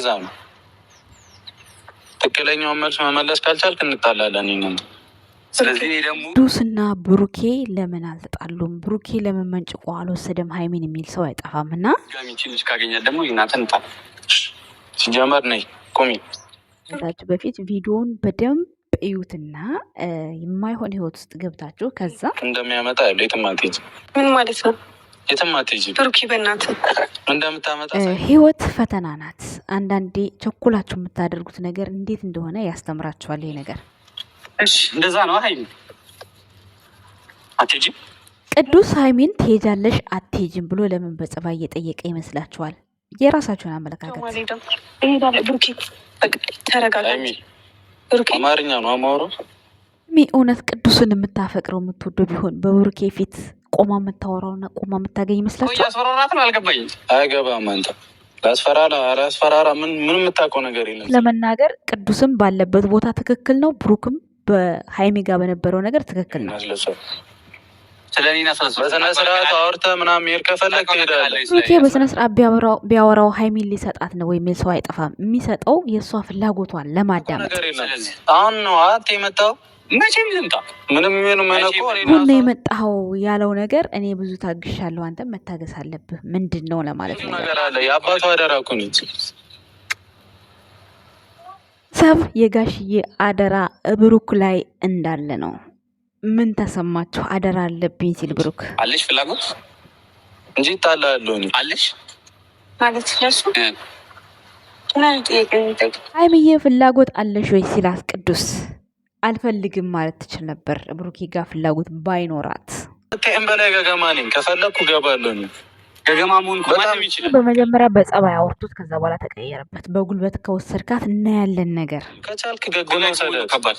ለዛ ነው። ትክክለኛውን መልስ መመለስ ካልቻልክ እንጣላለን። ስለዚህ ደግሞ ቅዱስና ብሩኬ ለምን አልተጣሉም? ብሩኬ ለምን መንጭቆ አልወሰደም ሀይሚን የሚል ሰው አይጠፋም። እና ልጅ ካገኛት ደግሞ ይናትን ጣ ሲጀመር ነይ ቁሚ ከዛች በፊት ቪዲዮውን በደንብ እዩትና የማይሆን ህይወት ውስጥ ገብታችሁ ከዛ እንደሚያመጣ ያለ የትም አልትሄጂም ምን ማለት ነው እንደምታመጣ ህይወት ፈተና ናት። አንዳንዴ ቸኩላችሁ የምታደርጉት ነገር እንዴት እንደሆነ ያስተምራችኋል። ይሄ ነገር እሺ እንደዛ ነው። ሀይ ቅዱስ ሀይሚን ትሄጃለሽ አትሄጂም ብሎ ለምን በጸባይ እየጠየቀ ይመስላችኋል? የራሳችሁን አመለካከት ነው። እውነት ቅዱስን የምታፈቅረው የምትወደው ቢሆን በብሩኬ ፊት ቆማ የምታወራውና ቆማ የምታገኝ ይመስላችኋል? እያስፈራራት ነው። አልገባኝ አይገባም። አንተ ላስፈራራ ምን የምታውቀው ነገር የለም። ለመናገር ቅዱስም ባለበት ቦታ ትክክል ነው። ብሩክም በሀይሚ ጋር በነበረው ነገር ትክክል ነው። በስነስርዓት አውርተህ ቢያወራው ሀይሚን ሊሰጣት ነው የሚል ሰው አይጠፋም። የሚሰጠው የእሷ ፍላጎቷን ለማዳመጥ አሁን ነው አት የመጣው የመጣኸው ያለው ነገር እኔ ብዙ ታግሻለሁ፣ መታገስ አለብህ። ምንድን ነው ለማለት ነው አደራ ሰብ የጋሽዬ አደራ ብሩክ ላይ እንዳለ ነው። ምን ተሰማችሁ? አደራ አለብኝ ሲል ብሩክ አለሽ ፍላጎት እንጂ እጣላለሁ አለሽ ማለት ለሱ ሀይሚዬ ፍላጎት አለሽ ወይ ሲላት ቅዱስ አልፈልግም ማለት ትችል ነበር። ብሩኬ ጋር ፍላጎት ባይኖራት ከእምበላይ ገገማ ነኝ ከፈለግኩ ገባለሁ ተገማሙን መሆን ማንም ይችላል። በመጀመሪያ በጸባይ አወርቱት፣ ከዛ በኋላ ተቀየረበት። በጉልበት ከወሰድካት እናያለን ነገር ከቻልክ ገጎ ከባድ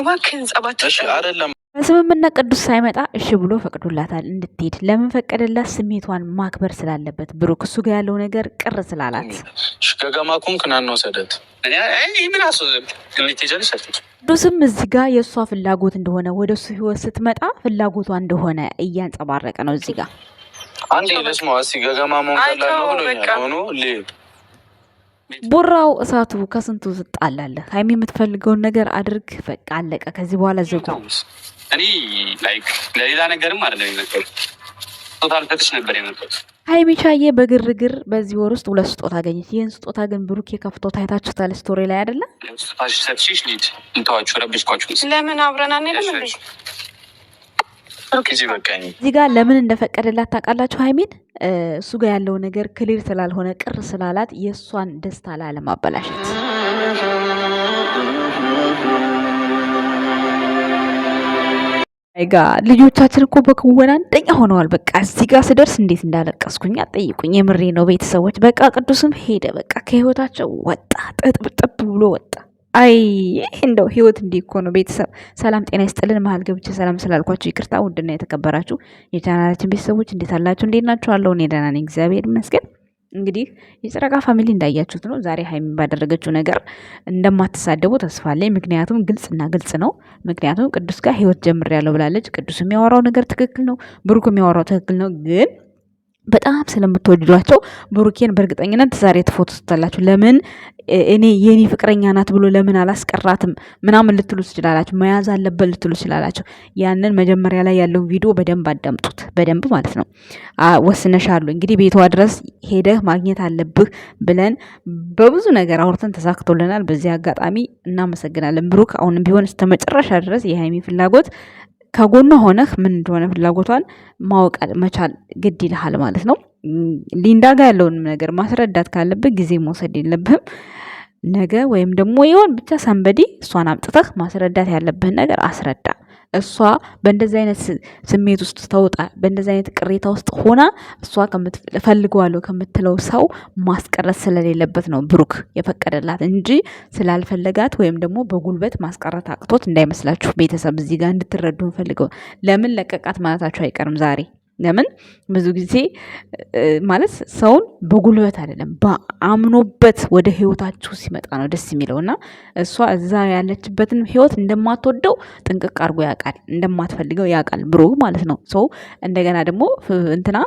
እባክህን ጸባችን አይደለም ስምምነት ቅዱስ ሳይመጣ እሺ ብሎ ፈቅዶላታል እንድትሄድ። ለምን ፈቀደላት? ስሜቷን ማክበር ስላለበት ብሩክ እሱ ጋር ያለው ነገር ቅር ስላላት ቅዱስም እዚህ ጋር የእሷ ፍላጎት እንደሆነ ወደ እሱ ህይወት ስትመጣ ፍላጎቷ እንደሆነ እያንጸባረቀ ነው እዚህ ጋር አንድ ገገማ ቡራው እሳቱ ከስንቱ ዝጣላለ ሀይሚ የምትፈልገውን ነገር አድርግ፣ በቃ አለቀ። ከዚህ በኋላ ዘጉ። እኔ ለሌላ ነገርም አለ የመጣሁት ቶታል ፈትሽ ነበር የመጡት ሀይሚ ቻዬ በግርግር በዚህ ወር ውስጥ ሁለት ስጦታ አገኘች። ይህን ስጦታ ግን ብሩክ የከፍቶ ታይታችሁታል ስቶሪ ላይ አይደለም። ስጦታ ሰጥሽሽ ልሂድ እንተዋችሁ፣ ረብሽኳችሁ። ለምን አብረን አንሄድም? እዚህ ጋር ለምን እንደፈቀደላት ታውቃላችሁ? ሀይሚን እሱ ጋር ያለው ነገር ክሊር ስላልሆነ ቅር ስላላት የእሷን ደስታ ላለማበላሸት ጋ ልጆቻችን እኮ በክወና አንደኛ ሆነዋል። በቃ እዚህ ጋር ስደርስ እንዴት እንዳለቀስኩኝ አጠይቁኝ። የምሬ ነው ቤተሰቦች። በቃ ቅዱስም ሄደ። በቃ ከህይወታቸው ወጣ፣ ጥጥብጥብ ብሎ ወጣ። አይ እንደው ህይወት እንዲህ እኮ ነው። ቤተሰብ ሰላም ጤና ይስጥልን። መሀል ገብቼ ሰላም ስላልኳችሁ ይቅርታ። ውድና የተከበራችሁ የቻናላችን ቤተሰቦች እንዴት አላችሁ? እንዴት ናችኋለሁ? እኔ ደህና ነኝ፣ እግዚአብሔር ይመስገን። እንግዲህ የጨረቃ ፋሚሊ እንዳያችሁት ነው ዛሬ ሀይሚ ባደረገችው ነገር እንደማትሳደቡ ተስፋ አለኝ። ምክንያቱም ግልጽና ግልጽ ነው። ምክንያቱም ቅዱስ ጋር ህይወት ጀምሬያለሁ ብላለች። ቅዱስ የሚያወራው ነገር ትክክል ነው፣ ብሩክ የሚያወራው ትክክል ነው ግን በጣም ስለምትወድዷቸው ብሩኬን በእርግጠኝነት ዛሬ ፎቶ ስታላችሁ ለምን እኔ የኔ ፍቅረኛ ናት ብሎ ለምን አላስቀራትም ምናምን ልትሉ ትችላላችሁ። መያዝ አለበት ልትሉ ትችላላችሁ። ያንን መጀመሪያ ላይ ያለውን ቪዲዮ በደንብ አዳምጡት፣ በደንብ ማለት ነው። ወስነሻሉ እንግዲህ ቤቷ ድረስ ሄደህ ማግኘት አለብህ ብለን በብዙ ነገር አውርተን ተሳክቶልናል። በዚህ አጋጣሚ እናመሰግናለን ብሩክ። አሁንም ቢሆን እስከ መጨረሻ ድረስ የሀይሚ ፍላጎት ከጎኗ ሆነህ ምን እንደሆነ ፍላጎቷን ማወቅ መቻል ግድ ይልሃል ማለት ነው። ሊንዳ ጋር ያለውንም ነገር ማስረዳት ካለብህ ጊዜ መውሰድ የለብህም። ነገ ወይም ደግሞ ይሆን ብቻ ሰንበዲ እሷን አምጥተህ ማስረዳት ያለብህን ነገር አስረዳ እሷ በእንደዚህ አይነት ስሜት ውስጥ ተውጣ በእንደዚህ አይነት ቅሬታ ውስጥ ሆና እሷ እፈልገዋለሁ ከምትለው ሰው ማስቀረት ስለሌለበት ነው ብሩክ የፈቀደላት እንጂ ስላልፈለጋት ወይም ደግሞ በጉልበት ማስቀረት አቅቶት እንዳይመስላችሁ ቤተሰብ እዚህ ጋር እንድትረዱ ፈልገው ለምን ለቀቃት ማለታችሁ አይቀርም ዛሬ ለምን ብዙ ጊዜ ማለት ሰውን በጉልበት አይደለም በአምኖበት ወደ ህይወታችሁ ሲመጣ ነው ደስ የሚለው እና እሷ እዛ ያለችበትን ህይወት እንደማትወደው ጥንቅቅ አድርጎ ያውቃል፣ እንደማትፈልገው ያውቃል ብሮ ማለት ነው። ሰው እንደገና ደግሞ እንትና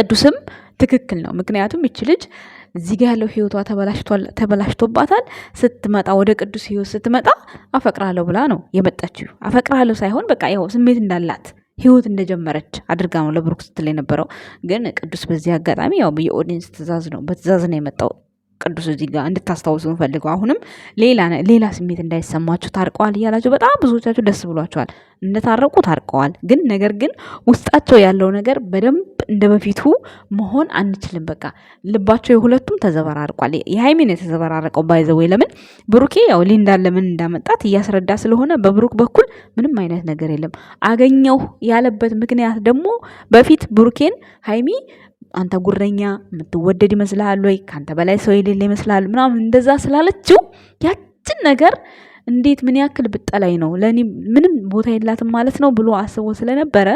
ቅዱስም ትክክል ነው። ምክንያቱም ይች ልጅ እዚህ ጋ ያለው ህይወቷ ተበላሽቶባታል። ስትመጣ ወደ ቅዱስ ህይወት ስትመጣ አፈቅራለሁ ብላ ነው የመጣችው። አፈቅራለሁ ሳይሆን በቃ ያው ስሜት እንዳላት ህይወት እንደጀመረች አድርጋ ነው ለብሩክ ስትል የነበረው። ግን ቅዱስ በዚህ አጋጣሚ ያው የኦዲየንስ ትእዛዝ ነው በትእዛዝ ነው የመጣው ቅዱስ እዚህ ጋር እንድታስታውሱ እንፈልገው። አሁንም ሌላ ሌላ ስሜት እንዳይሰማችሁ ታርቀዋል እያላችሁ በጣም ብዙዎቻችሁ ደስ ብሏቸዋል። እንደታረቁ ታርቀዋል፣ ግን ነገር ግን ውስጣቸው ያለው ነገር በደንብ እንደ በፊቱ መሆን አንችልም። በቃ ልባቸው የሁለቱም ተዘበራርቋል። የሃይሜን የተዘበራረቀው ባይዘወይ ለምን ብሩኬ ያው ሊንዳን ለምን እንዳመጣት እያስረዳ ስለሆነ በብሩክ በኩል ምንም አይነት ነገር የለም። አገኘው ያለበት ምክንያት ደግሞ በፊት ብሩኬን ሀይሚ አንተ ጉረኛ የምትወደድ ይመስልሃል ወይ? ከአንተ በላይ ሰው የሌለ ይመስልሃል? ምናምን እንደዛ ስላለችው ያችን ነገር እንዴት ምን ያክል ብጠላይ ነው ለእኔ ምንም ቦታ የላትም ማለት ነው ብሎ አስቦ ስለነበረ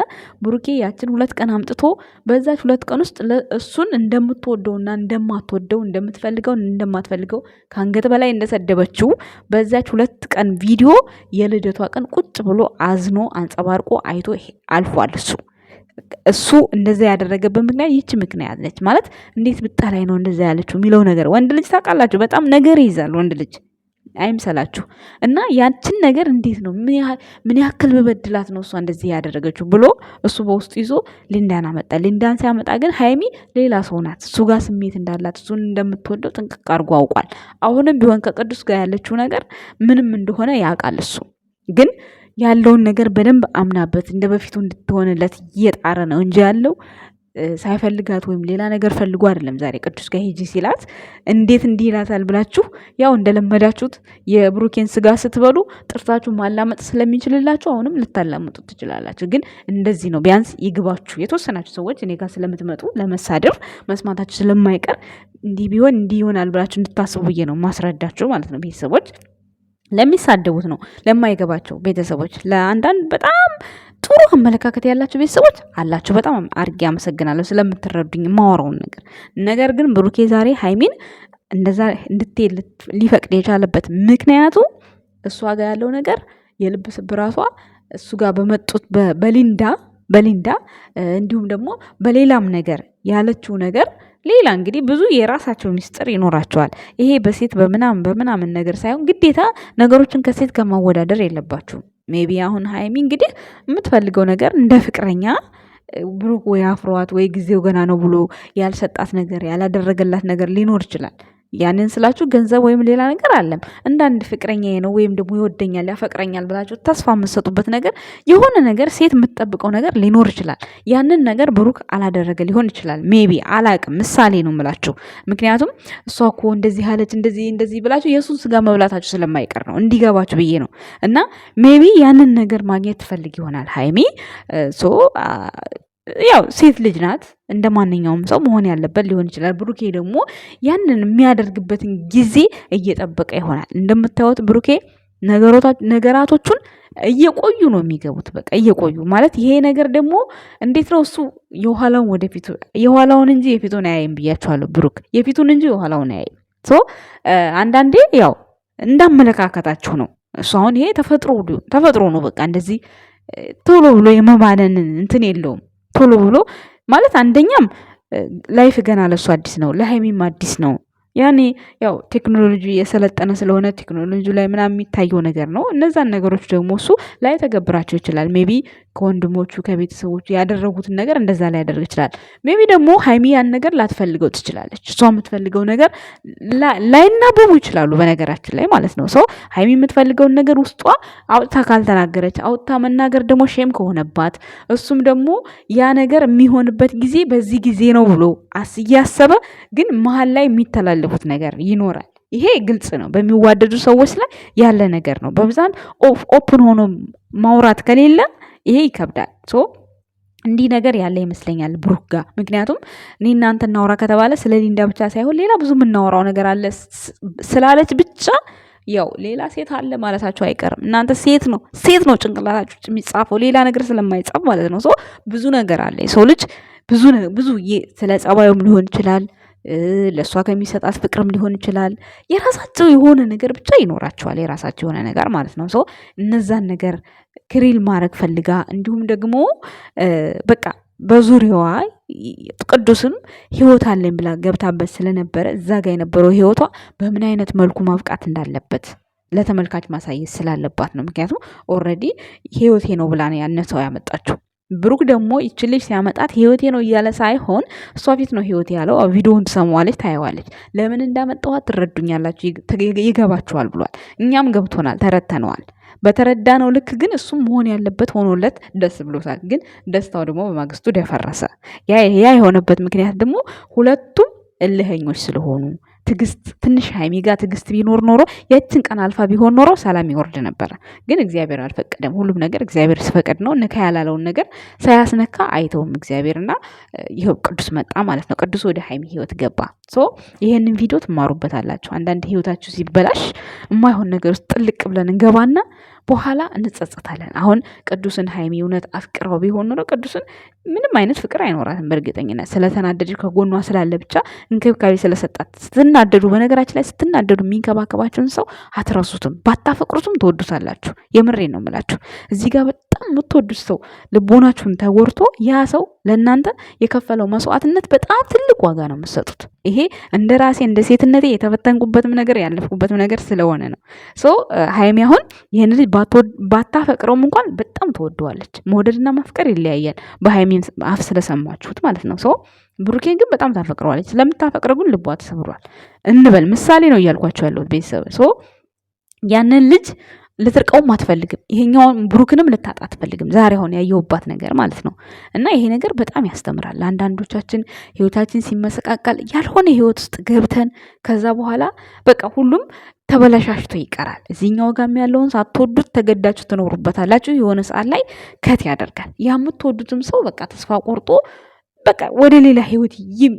ብሩኬ ያችን ሁለት ቀን አምጥቶ በዛች ሁለት ቀን ውስጥ እሱን እንደምትወደውና እንደማትወደው እንደምትፈልገው እንደማትፈልገው ከአንገት በላይ እንደሰደበችው በዛች ሁለት ቀን ቪዲዮ የልደቷ ቀን ቁጭ ብሎ አዝኖ አንጸባርቆ አይቶ አልፏል እሱ። እሱ እንደዛ ያደረገበት ምክንያት ይች ምክንያት ነች ማለት እንዴት ብጠላይ ነው እንደዛ ያለችው የሚለው ነገር ወንድ ልጅ ታውቃላችሁ፣ በጣም ነገር ይይዛል ወንድ ልጅ አይምሰላችሁ። እና ያችን ነገር እንዴት ነው ምን ያክል በበድላት ነው እሷ እንደዚህ ያደረገችው ብሎ እሱ በውስጡ ይዞ ሊንዳን አመጣ። ሊንዳን ሲያመጣ ግን ሀይሚ ሌላ ሰው ናት። እሱ ጋር ስሜት እንዳላት እሱን እንደምትወደው ጥንቅቅ አድርጎ አውቋል። አሁንም ቢሆን ከቅዱስ ጋር ያለችው ነገር ምንም እንደሆነ ያውቃል እሱ ግን ያለውን ነገር በደንብ አምናበት እንደ በፊቱ እንድትሆንለት እየጣረ ነው እንጂ ያለው ሳይፈልጋት ወይም ሌላ ነገር ፈልጎ አይደለም። ዛሬ ቅዱስ ጋር ሂጂ ሲላት እንዴት እንዲህ ይላታል ብላችሁ ያው እንደለመዳችሁት የብሩኬን ስጋ ስትበሉ ጥርሳችሁ ማላመጥ ስለሚችልላችሁ አሁንም ልታላምጡ ትችላላችሁ። ግን እንደዚህ ነው። ቢያንስ ይግባችሁ። የተወሰናችሁ ሰዎች እኔ ጋር ስለምትመጡ ለመሳደብ መስማታችሁ ስለማይቀር እንዲህ ቢሆን እንዲህ ይሆናል ብላችሁ እንድታስቡ ብዬ ነው ማስረዳችሁ ማለት ነው ቤተሰቦች ለሚሳደቡት ነው ለማይገባቸው ቤተሰቦች። ለአንዳንድ በጣም ጥሩ አመለካከት ያላቸው ቤተሰቦች አላቸው። በጣም አድርጌ አመሰግናለሁ ስለምትረዱኝ የማወራውን ነገር። ነገር ግን ብሩኬ ዛሬ ሀይሚን እንደዛ እንድትሄድ ሊፈቅድ የቻለበት ምክንያቱ እሷ ጋር ያለው ነገር የልብ ስብራቷ እሱ ጋር በመጡት በሊንዳ በሊንዳ እንዲሁም ደግሞ በሌላም ነገር ያለችው ነገር ሌላ እንግዲህ ብዙ የራሳቸው ሚስጥር ይኖራቸዋል። ይሄ በሴት በምናምን በምናምን ነገር ሳይሆን ግዴታ ነገሮችን ከሴት ጋር ማወዳደር የለባችሁም። ሜቢ አሁን ሀይሚ እንግዲህ የምትፈልገው ነገር እንደ ፍቅረኛ ብሩክ ወይ አፍሯት ወይ ጊዜው ገና ነው ብሎ ያልሰጣት ነገር ያላደረገላት ነገር ሊኖር ይችላል። ያንን ስላችሁ ገንዘብ ወይም ሌላ ነገር አለም እንዳንድ ፍቅረኛ ነው ወይም ደግሞ ይወደኛል ያፈቅረኛል ብላችሁ ተስፋ የምትሰጡበት ነገር የሆነ ነገር ሴት የምትጠብቀው ነገር ሊኖር ይችላል። ያንን ነገር ብሩክ አላደረገ ሊሆን ይችላል። ሜቢ አላቅም፣ ምሳሌ ነው ምላችሁ። ምክንያቱም እሷ እኮ እንደዚህ አለች እንደዚህ እንደዚህ ብላችሁ የእሱን ስጋ መብላታችሁ ስለማይቀር ነው እንዲገባችሁ ብዬ ነው። እና ሜቢ ያንን ነገር ማግኘት ትፈልግ ይሆናል ሀይሚ ሶ ያው ሴት ልጅ ናት እንደ ማንኛውም ሰው መሆን ያለበት ሊሆን ይችላል። ብሩኬ ደግሞ ያንን የሚያደርግበትን ጊዜ እየጠበቀ ይሆናል። እንደምታዩት ብሩኬ ነገራቶቹን እየቆዩ ነው የሚገቡት። በቃ እየቆዩ ማለት ይሄ ነገር ደግሞ እንዴት ነው እሱ የኋላውን ወደፊቱ የኋላውን እንጂ የፊቱን አያይም ብያቸዋለሁ። ብሩክ የፊቱን እንጂ የኋላውን አያይም። አንዳንዴ ያው እንዳመለካከታችሁ ነው እሱ አሁን ይሄ ተፈጥሮ ተፈጥሮ ነው። በቃ እንደዚህ ቶሎ ብሎ የመባነን እንትን የለውም። ቶሎ ብሎ ማለት አንደኛም ላይፍ ገና ለሱ አዲስ ነው፣ ለሀይሚም አዲስ ነው። ያኔ ያው ቴክኖሎጂ የሰለጠነ ስለሆነ ቴክኖሎጂ ላይ ምናምን የሚታየው ነገር ነው። እነዛን ነገሮች ደግሞ እሱ ላይ ተገብራቸው ይችላል ሜቢ ከወንድሞቹ ከቤተሰቦቹ ያደረጉትን ነገር እንደዛ ላይ ያደርግ ይችላል። ሜቢ ደግሞ ሀይሚ ያን ነገር ላትፈልገው ትችላለች። እሷ የምትፈልገው ነገር ላይናበቡ ይችላሉ በነገራችን ላይ ማለት ነው። ሰው ሀይሚ የምትፈልገውን ነገር ውስጧ አውጥታ ካልተናገረች አውጥታ መናገር ደግሞ ሼም ከሆነባት እሱም ደግሞ ያ ነገር የሚሆንበት ጊዜ በዚህ ጊዜ ነው ብሎ እያሰበ ግን መሀል ላይ የሚተላለፉ የሚፈልጉት ነገር ይኖራል። ይሄ ግልጽ ነው። በሚዋደዱ ሰዎች ላይ ያለ ነገር ነው። በብዛት ኦፕን ሆኖ ማውራት ከሌለ ይሄ ይከብዳል። ሶ እንዲህ ነገር ያለ ይመስለኛል ብሩክ ጋር። ምክንያቱም እኔ እናንተ እናውራ ከተባለ ስለ ሊንዳ ብቻ ሳይሆን ሌላ ብዙ የምናወራው ነገር አለ ስላለች ብቻ ያው ሌላ ሴት አለ ማለታቸው አይቀርም። እናንተ ሴት ነው ሴት ነው ጭንቅላታችሁ የሚጻፈው ሌላ ነገር ስለማይጻፍ ማለት ነው። ብዙ ነገር አለ የሰው ልጅ ብዙ ብዙ ስለ ጸባዩም ሊሆን ይችላል ለእሷ ከሚሰጣት ፍቅርም ሊሆን ይችላል። የራሳቸው የሆነ ነገር ብቻ ይኖራቸዋል። የራሳቸው የሆነ ነገር ማለት ነው። ሰው እነዛን ነገር ክሪል ማድረግ ፈልጋ እንዲሁም ደግሞ በቃ በዙሪያዋ ቅዱስም ህይወት አለኝ ብላ ገብታበት ስለነበረ እዛ ጋ የነበረው ህይወቷ በምን አይነት መልኩ ማብቃት እንዳለበት ለተመልካች ማሳየት ስላለባት ነው። ምክንያቱም ኦልሬዲ ህይወቴ ነው ብላ ያነሰው ያመጣችው ብሩክ ደግሞ ይች ልጅ ሲያመጣት ህይወቴ ነው እያለ ሳይሆን እሷ ፊት ነው ህይወቴ ያለው። ቪዲዮውን ትሰማዋለች፣ ታየዋለች። ለምን እንዳመጣኋት ትረዱኛላችሁ፣ ይገባችኋል ብሏል። እኛም ገብቶናል፣ ተረተነዋል። በተረዳ ነው ልክ ግን እሱም መሆን ያለበት ሆኖለት ደስ ብሎታል። ግን ደስታው ደግሞ በማግስቱ ደፈረሰ። ያ የሆነበት ምክንያት ደግሞ ሁለቱም እልኸኞች ስለሆኑ ትግስት ትንሽ ሀይሚ ጋር ትግስት ቢኖር ኖሮ ያችን ቀን አልፋ ቢሆን ኖሮ ሰላም ይወርድ ነበረ። ግን እግዚአብሔር አልፈቀደም። ሁሉም ነገር እግዚአብሔር ሲፈቀድ ነው። ንካ ያላለውን ነገር ሳያስነካ አይተውም እግዚአብሔር እና ይኸው ቅዱስ መጣ ማለት ነው። ቅዱስ ወደ ሀይሚ ህይወት ገባ። ሶ ይህንን ቪዲዮ ትማሩበታላችሁ። አንዳንድ ህይወታችሁ ሲበላሽ የማይሆን ነገር ውስጥ ጥልቅ ብለን እንገባና በኋላ እንጸጸታለን። አሁን ቅዱስን ሀይሚ እውነት አፍቅረው ቢሆን ኖሮ ቅዱስን ምንም አይነት ፍቅር አይኖራትም። በእርግጠኝነት ስለተናደድ ከጎኗ ስላለ ብቻ እንክብካቤ ስለሰጣት ስትናደዱ፣ በነገራችን ላይ ስትናደዱ የሚንከባከባችሁን ሰው አትረሱትም። ባታፈቅሩትም ትወዱታላችሁ። የምሬ ነው ምላችሁ እዚህ ጋር በጣም የምትወዱት ሰው ልቦናችሁን ተወርቶ ያ ሰው ለእናንተ የከፈለው መስዋዕትነት በጣም ትልቅ ዋጋ ነው የምትሰጡት። ይሄ እንደ ራሴ እንደ ሴትነቴ የተፈተንኩበትም ነገር ያለፍኩበትም ነገር ስለሆነ ነው። ሶ ሀይሚ አሁን ይህን ልጅ ባታፈቅረውም እንኳን በጣም ትወደዋለች። መውደድና ማፍቀር ይለያያል። በሀይሚ አፍ ስለሰማችሁት ማለት ነው። ሶ ብሩኬን ግን በጣም ታፈቅረዋለች። ስለምታፈቅረ ግን ልቧ ተሰብሯል እንበል። ምሳሌ ነው እያልኳቸው ያለሁት ቤተሰብ ያንን ልጅ ልትርቀውም አትፈልግም። ይሄኛውን ብሩክንም ልታጣ አትፈልግም። ዛሬ አሁን ያየሁባት ነገር ማለት ነው። እና ይሄ ነገር በጣም ያስተምራል። ለአንዳንዶቻችን ህይወታችን ሲመሰቃቀል ያልሆነ ህይወት ውስጥ ገብተን ከዛ በኋላ በቃ ሁሉም ተበለሻሽቶ ይቀራል። እዚህኛው ጋም ያለውን ሳትወዱት ተገዳችሁ ትኖሩበታላችሁ። የሆነ ሰዓት ላይ ከት ያደርጋል። ያ የምትወዱትም ሰው በቃ ተስፋ ቆርጦ በቃ ወደ ሌላ ህይወት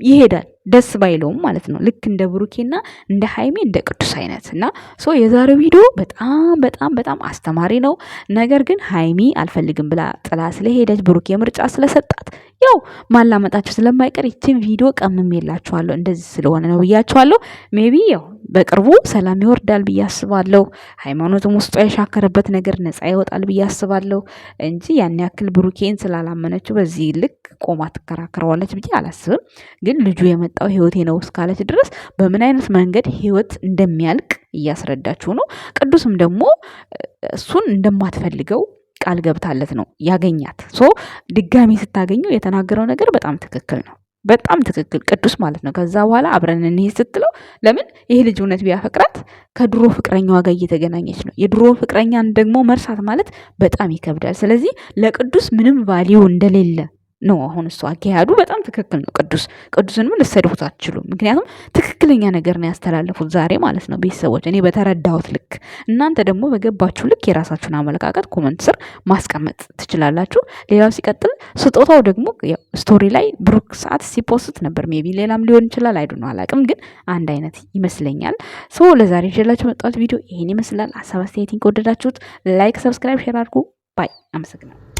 ይሄዳል። ደስ ባይለውም ማለት ነው። ልክ እንደ ብሩኬና እንደ ሀይሜ እንደ ቅዱስ አይነት እና ሶ የዛሬው ቪዲዮ በጣም በጣም በጣም አስተማሪ ነው። ነገር ግን ሀይሚ አልፈልግም ብላ ጥላ ስለሄደች ብሩኬ ምርጫ ስለሰጣት ያው ማላመጣቸው ስለማይቀር ይችን ቪዲዮ ቀምሜላችኋለሁ። እንደዚህ ስለሆነ ነው ብያችኋለሁ። ሜቢ ያው በቅርቡ ሰላም ይወርዳል ብዬ አስባለሁ። ሃይማኖትም ውስጧ የሻከረበት ነገር ነፃ ይወጣል ብዬ አስባለሁ እንጂ ያን ያክል ብሩኬን ስላላመነችው በዚህ ልክ ቆማ ትከራከረዋለች ብዬ አላስብም። ግን ልጁ የመጣው ህይወቴ ነው እስካለች ድረስ በምን አይነት መንገድ ህይወት እንደሚያልቅ እያስረዳችው ነው። ቅዱስም ደግሞ እሱን እንደማትፈልገው ቃል ገብታለት ነው ያገኛት። ሶ ድጋሚ ስታገኘው የተናገረው ነገር በጣም ትክክል ነው። በጣም ትክክል ቅዱስ ማለት ነው። ከዛ በኋላ አብረን እንሂድ ስትለው ለምን ይሄ ልጅ እውነት ቢያፈቅራት ከድሮ ፍቅረኛዋ ጋር እየተገናኘች ነው። የድሮ ፍቅረኛን ደግሞ መርሳት ማለት በጣም ይከብዳል። ስለዚህ ለቅዱስ ምንም ቫሊዩ እንደሌለ ነው አሁን እሱ አካሄዱ በጣም ትክክል ነው። ቅዱስ ቅዱስንም ልሰድቡት አትችሉ። ምክንያቱም ትክክለኛ ነገር ነው ያስተላለፉት ዛሬ ማለት ነው። ቤተሰቦች እኔ በተረዳሁት ልክ፣ እናንተ ደግሞ በገባችሁ ልክ የራሳችሁን አመለካከት ኮመንት ስር ማስቀመጥ ትችላላችሁ። ሌላው ሲቀጥል ስጦታው ደግሞ ስቶሪ ላይ ብሩክ ሰዓት ሲፖስት ነበር። ሜቢ ሌላም ሊሆን ይችላል። አይዱ ነው አላቅም፣ ግን አንድ አይነት ይመስለኛል። ሰው ለዛሬ ይዤላችሁ መጣሁት ቪዲዮ ይሄን ይመስላል። ሀሳብ አስተያየትን ከወደዳችሁት ላይክ፣ ሰብስክራይብ፣ ሼር አድርጉ። ባይ። አመሰግናለሁ።